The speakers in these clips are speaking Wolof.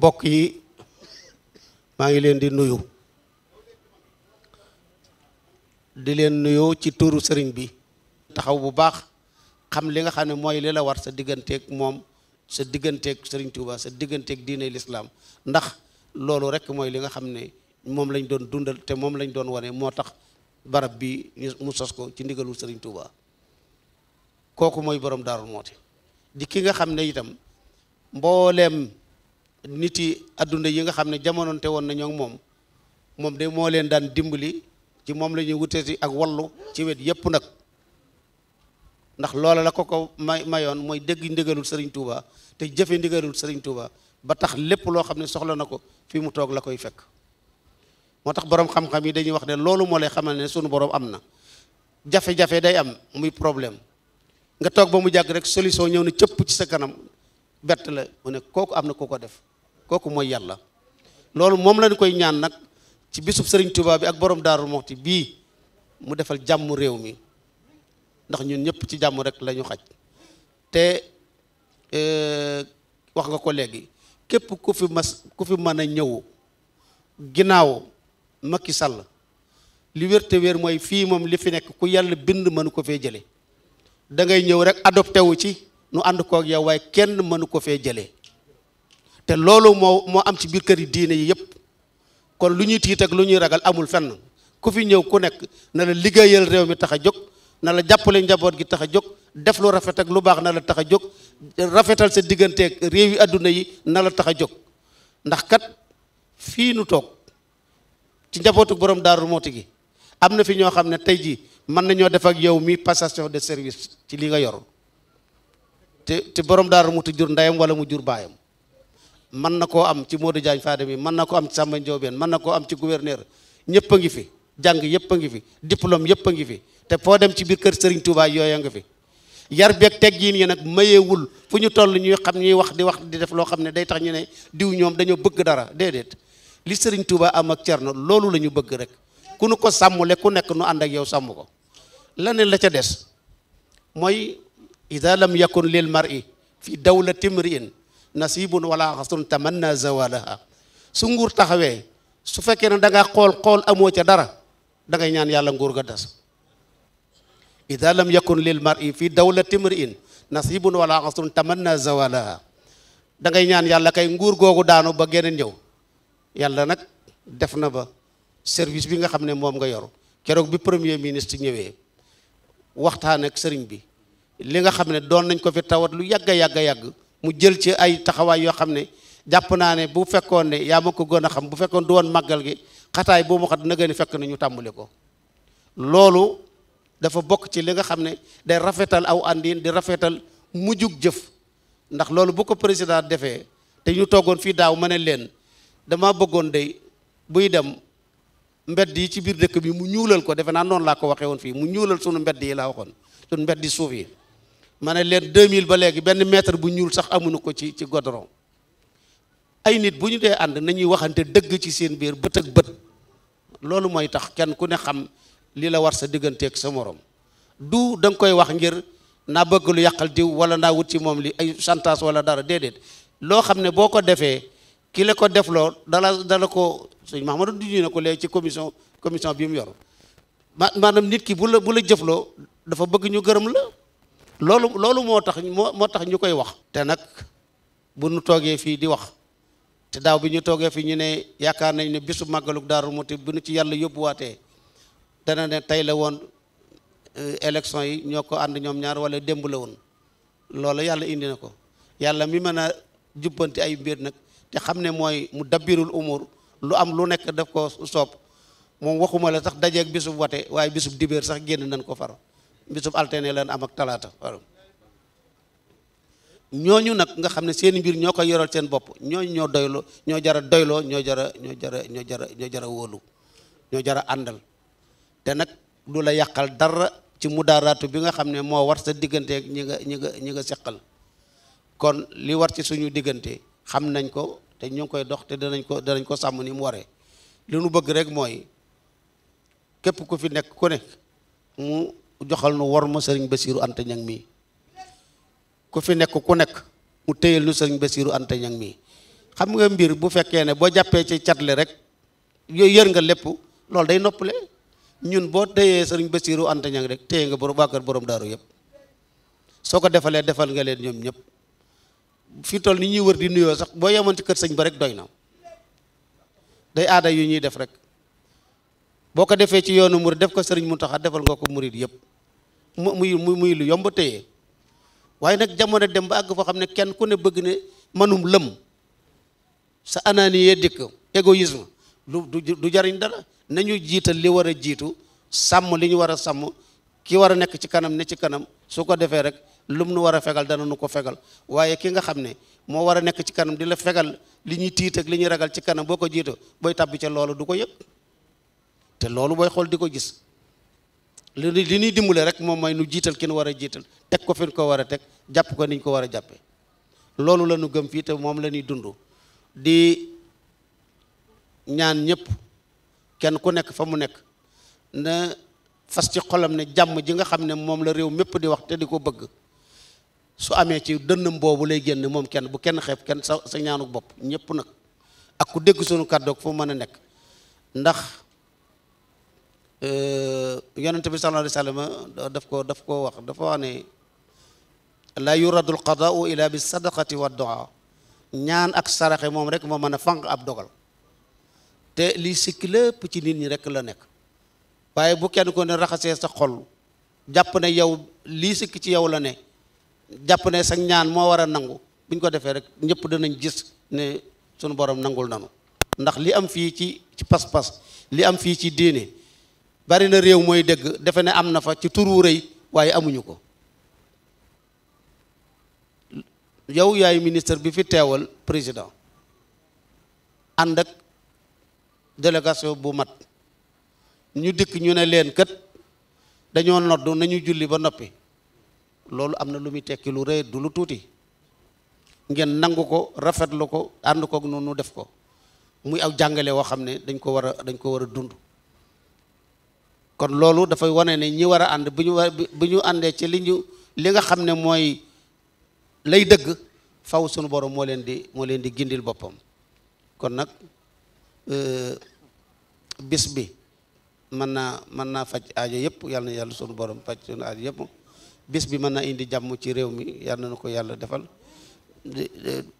bokk yi maa ngi leen di nuyu di leen nuyu ci tuuru sëriñ bi taxaw bu baax xam li nga xam ne mooy li la war sa digganteek moom sa digganteek sëriñ Tuuba sa digganteek diine lislaam ndax loolu rek mooy li nga xam ne moom lañ doon dundal te moom lañ doon wane moo tax barab bi mu sos ko ci ndigalu sëriñ Tuuba kooku mooy borom Daaru Muxti di ki nga xam ne itam mbooleem nit yi àdduna yi nga xam ne jamonoonte woon na ñoo moom moom de moo leen daan dimbali ci moom la ñuy wuteeti ak wallu ci wet yépp nag ndax loola la ko ko may mayoon mooy dégg ndigalul Serigne Touba te jëfe ndigalul sëriñ Touba ba tax lépp loo xam ne soxla na ko fii mu toog la koy fekk moo tax borom xam-xam yi dañuy wax ne loolu moo lay xamal ne sunu borom am na jafe-jafe day am muy problème nga toog ba mu jàgg rek solution ñëw na cëpp ci sa kanam bett la mu ne kooku am na ku ko def kooku mooy yàlla loolu moom lañ koy ñaan nag ci bisu sëriñ Tuubaa bi ak borom Daaru Muxti bii mu defal jàmm réew mi ndax ñun ñëpp ci jàmm rek lañu ñu xaj te e, wax nga ko léegi képp ku fi mas ku fi mën a ñëw ginnaaw Macky Sall li wér wér mooy fii moom li fi nekk ku yàlla bind mënu ko fee jële da ngay ñëw rek adopté wu ci nu ànd koog yow waaye kenn mënu ko fee jëlee te loolu moo moo am ci biir kër yi diine yi yëpp kon lu ñuy tiit ak lu ñuy ragal amul fenn ku fi ñëw ku nekk na la liggéeyal réew mi tax a jóg na la jàppale njaboot gi tax a jóg def lu rafet ak lu baax na la tax a jóg rafetal sa digganteeg réew yi àdduna yi na tax a jóg ndax kat fii nu toog ci njabootu borom daaru mooti gi am na fi ñoo xam ne tey jii mën nañoo def ak yow mi passation de service ci li nga yor te te borom daaru mooti jur ndeyam wala mu jur baayam mën na koo am ci Modou jaan Fada mi mën na koo am ci Samba Ndiobène mën na koo am ci gouverneur ñëpp a ngi fi jàng yëpp a ngi fi diplôme yëpp a ngi fi te foo dem ci biir kër Serigne Touba yooya nga fi yar beeg teggiin yi nag mayeewul fu ñu toll ñuy xam ñuy wax di wax di def loo xam ne day tax ñu ne diw ñoom dañoo bëgg dara déedéet li Serigne Touba am ak Cerno loolu lañu bëgg rek ku nu ko sàmmule ku nekk nu ànd ak yow sàmm ko laneen la ca des mooy ida lam yakun lil mar'i fi dawlati mri'in nasibun wala xasrun tamanna zawalaha su nguur taxawee su fekkee ne danga xool xool amoo ca dara dangay ñaan yàlla nguur ga des ida lam yakun lil mar'i fi dawlati mri'in nasibun wala xasrun tamanna zawalaha da ngay ñaan yàlla kay nguur googu daanu ba geneen ñëw yàlla nag def na ba service bi nga xam ne moom nga yor keroog bi premier ministre ñëwee waxtaan ak sëriñ bi li nga xam ne doon nañ ko fi tawat lu yàgg a yàgg a yàgg mu jël ci ay taxawaay yoo xam ne jàpp naa ne bu fekkoon ne yaa ma ko gën a xam bu fekkoon du woon màggal gi xataay boo mu xat na gën ne ñu tàmbali ko dafa bokk ci li nga xam ne day rafetal aw àndin di rafetal mujjug jëf ndax loolu bu ko président defee te ñu toogoon fii daaw ma ne leen dama bëggoon day buy dem mbedd yi ci biir dëkk bi mu ñuulal ko defe naa noon laa ko waxee woon fii mu ñuulal sunu mbedd yi laa waxoon sunu mbedd yi suuf yi ma ne leen 2000 ba léegi benn mètre bu ñuul sax amuñu ko ci ci goudron ay nit bu ñu dee ànd nañuy waxante dëgg ci seen biir bët ak bët loolu mooy tax kenn ku ne xam li la war sa ak sa morom du da nga koy wax ngir naa bëgg lu yàqal diw wala naa wut ci moom li ay chantage wala dara déedéet loo xam ne boo ko defee ki la ko def loo dala dala ko sëñ Mahamadou du na ko léegi ci commission commission bi mu yor ma maanaam nit ki bu la bu la jëfloo dafa bëgg ñu gërëm loolu loolu moo tax moo moo tax ñu koy wax te nag bu nu toogee fii di wax te daaw bi ñu toogee fii ñu ne yaakaar nañ ne bisu màggaluk Daaru Muti bu nu ci yàlla yóbbu yóbbuwaatee dana ne tey la woon euh, élection yi ñoo ko ànd ñoom ñaar wala démb la woon loolu yàlla indi na ko yàlla mi mën a jubbanti ay mbir nag te xam ne mooy mu dabbirul umur lu am lu nekk def ko soob moom waxuma la sax dajeeg bisub wate waaye bisub dibéer sax génn nañ ko far bisub altine leen am ak talaata waaw ñooñu nag nga xam ne seen mbir ñoo koy yoral seen bopp ñooñu ñoo doyloo ñoo jara doyloo ñoo jara ñoo jara ñoo jara ñoo jara wóolu ñoo jara àndal te nag du la yàqal dara ci mu mudaaraatu bi nga xam ne moo war sa digganteeg ñi nga ñi nga seqal kon li war ci suñu diggante xam nañ ko te ñu koy dox te danañ ko danañ ko sàmm nii mu waree li nu bëgg rek mooy képp ku fi nekk ku nekk mu joxal nu war ma sëriñ Basiiru Anta Ñaŋ mii ku fi nekk ku nekk mu téyal nu sëriñ Basiiru Anta Ñaŋ mii xam nga mbir bu fekkee ne boo jàppee ci catle rek yooyu yër nga lépp loolu day noppale ñun boo téyee sëriñ Basiiru Anta Ñaŋ rek téye nga borom waa borom daaru yëpp soo ko defalee defal nga leen ñoom ñëpp fii toll ni ñuy wër di sax boo yemoon ci kër sëñ ba rek doy na day aada yu ñuy def rek boo ko defee ci yoonu murid def ko sëriñ mu Muntaxa defal nga ko murit yëpp mu muy muy lu yomb téye waaye nag jamono dem ba àgg foo xam ne kenn ku ne bëgg ne manum lëm sa ananie dikk égoïsme lu du jariñ dara nañu jiital li war a jiitu sàmm li ñu war a sàmm ki war a nekk ci kanam ne ci kanam su ko defee rek lum nu war a fegal dana nu ko fegal waaye ki nga xam ne moo war a nekk ci kanam di la fegal li ñuy tiitak li ñuy ragal ci kanam boo ko jiitu booy tàbbi ca loolu du ko yëg te loolu booy xool di ko gis li li ñuy dimbale rek moom mooy nu jiital ki nu war a jiital teg ko fi nu ko war a teg jàpp ko ni ko war a jàppee loolu lanu gëm fii te moom la ñuy dund di ñaan ñépp kenn ku nekk fa mu nekk na fas ci xolam ne jàmm ji nga xam ne moom la réew mépp di wax te di ko bëgg su amee ci dënn boobu lay génn moom kenn bu kenn xeeb kenn sa sa ñaanu bopp ñëpp nag ak ku dégg sunu kàddoog fu mën a nekk ndax Euh, yonent bi sallallahu alayhi wa sallam daf ko daf koo wax dafa wax ne la yuradu al qadaau illa bi sadaqati wa du'a ñaan ak saraxe moom rek moo mën a fànq ab dogal te lii sikki lépp ci nit ñi rek la nekk waaye bu kenn ko ne raxasee sa xol jàpp ne yow lii sikk ci yow la ne jàpp ne sa ñaan moo war a nangu bu ko defee rek ñëpp danañ gis ne sunu borom nangul nanu ndax li am fii ci ci pas-pas li am fii ci diine bari na réew mooy dëgg defe ne am na fa ci turu rëy waaye amuñu ko yow yaayu ministre bi fi teewal président ànd ak délégation bu mat ñu dikk ñu ne leen kat dañoo noddu nañu julli ba noppi loolu am na lu muy tekki lu rëy du lu tuuti ngeen nangu ko rafetlu ko ànd koog noonu def ko muy aw jàngale woo xam ne dañ ko war a dañ ko war a dund kon loolu dafay wane ne ñi war a ànd bu ñu war bi bu ñu àndee ci li ñu li nga xam ne mooy lay dëgg faw sunu borom moo leen di moo leen di gindil boppam kon nag euh, bis bi mën naa mën naa faj aja yëpp yàlla yàlla suñu borom faj sunu aajo yëpp bis bi mën naa indi jàmm ci réew mi yàlla na ko yàlla defal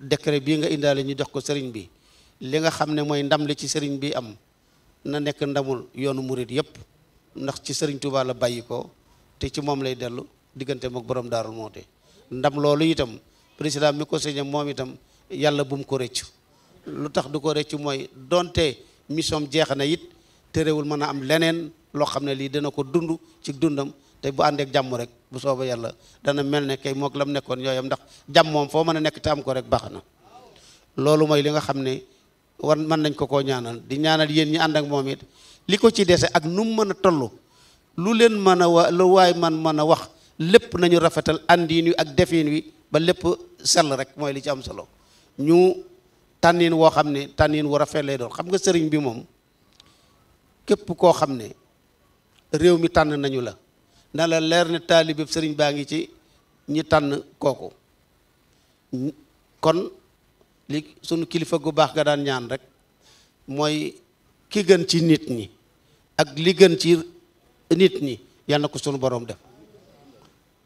décret bii nga indaale ñu jox ko sëriñ bi li nga xam ne mooy ndam li ci sëriñ bi am na nekk ndamul yoonu murit yëpp ndax ci sëriñ Touba la bàyyi ko te ci moom lay dellu diggante mook boroom daarul moote ndam loolu itam président mi ko signé moom itam yàlla bu mu ko rëccu lu tax du ko rëccu mooy donte mission jeex na it te réewul mën a am leneen loo xam ne lii dana ko dund ci dundam te bu àndeek jàmm rek bu sooba yàlla dana mel ne kay mook mu nekkoon yooyam ndax jàmm moom foo mën a nekk te am ko rek baxana loolu mooy li nga xam ne war mën nañ ko koo ñaanal di ñaanal yéen ñi ànd ak moom it li ko ci dese ak nu mu mën a toll lu leen mën a wa lu waay man mën a wax lépp nañu rafetal andiin wi ak defin wi ba lépp sell rek mooy li ci am solo ñu tànnin woo xam ne tànnin wu rafet lay doon xam nga sëriñ bi moom képp koo xam ne réew mi tànn nañu la na la leer ne taalibe sëriñ baa ngi ci ñi tànn kooku kon li sunu kilifa gu baax nga daan ñaan rek mooy ki gën ci nit ñi ak li gën ci nit ñi yal na ko sunu boroom def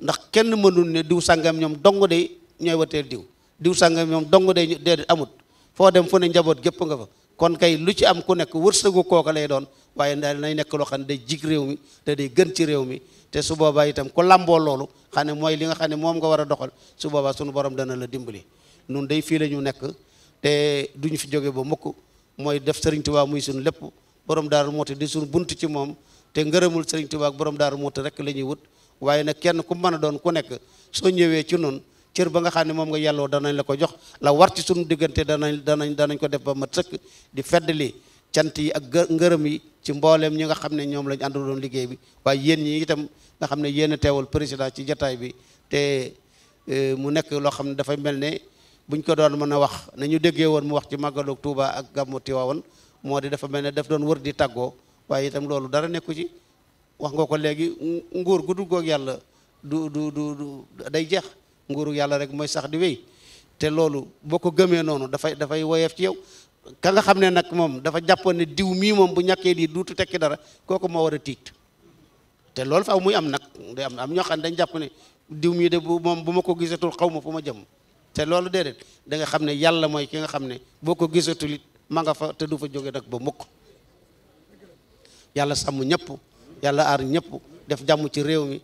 ndax kenn mënul ne diw sàngam ñoom dong day ñooy wateel diw diw sàngam ñoom dong de déedéet amut foo dem fu ne njaboot gépp nga fa kon kay lu ci am ku nekk wërsëgu kooka lay doon waaye daal nay nekk loo xam ne day jig réew mi te day gën ci réew mi te su boobaa itam ku làmboo loolu xam ne mooy li nga xam ne moom nga war a doxal su boobaa sunu borom dana la dimbali nun day fii la ñu nekk te duñu fi jóge ba mukk mooy def Sëriñ Tuubaa muy suñu lépp borom daaru muuti di suñu bunt ci moom te ngërëmul sëriñ Tuubaa ak borom daaru muuti rek la ñuy wut waaye nag kenn ku mën a doon ku nekk soo ñëwee ci noonu cër ba nga xam ne moom nga yàlloo danañ la ko jox la war ci suñu diggante danañ danañ danañ ko def ba ma sëkk di feddali cant yi ak ngërëm yi ci mbooleem ñi nga xam ne ñoom lañ àndu doon liggéey bi waaye yéen ñi itam nga xam ne yéen teewul teewal président ci jataay bi te e, mu nekk loo xam ne dafay mel ne buñ ko doon mën a wax nañu déggee woon mu wax ci màggalu Tuuba ak gàmmu Tiwaawan moo di dafa mel ne daf doon war di tàggoo waaye itam loolu dara nekku ci wax nga ko léegi nguur gu dul goog yàlla du du du day jeex nguuru yàlla rek mooy sax di wéy te loolu boo ko gëmee noonu dafay dafay woyeef ci yow ka nga xam ne nag moom dafa jàppoon ne diw mii moom bu ñàkkee lii duutu tekki dara kooku moo war a tiit te loolu faaw muy am nag day am am ñoo dañ jàpp ne diw mii de bu moom bu ma ko gisatul xaw ma fu ma jëm te loolu déedéet da nga xam ne yàlla mooy ki nga xam ne boo ko gisatul it ma nga fa te du fa jóge nag ba mukk yàlla sàmm ñépp yàlla aar ñépp def jàmm ci réew mi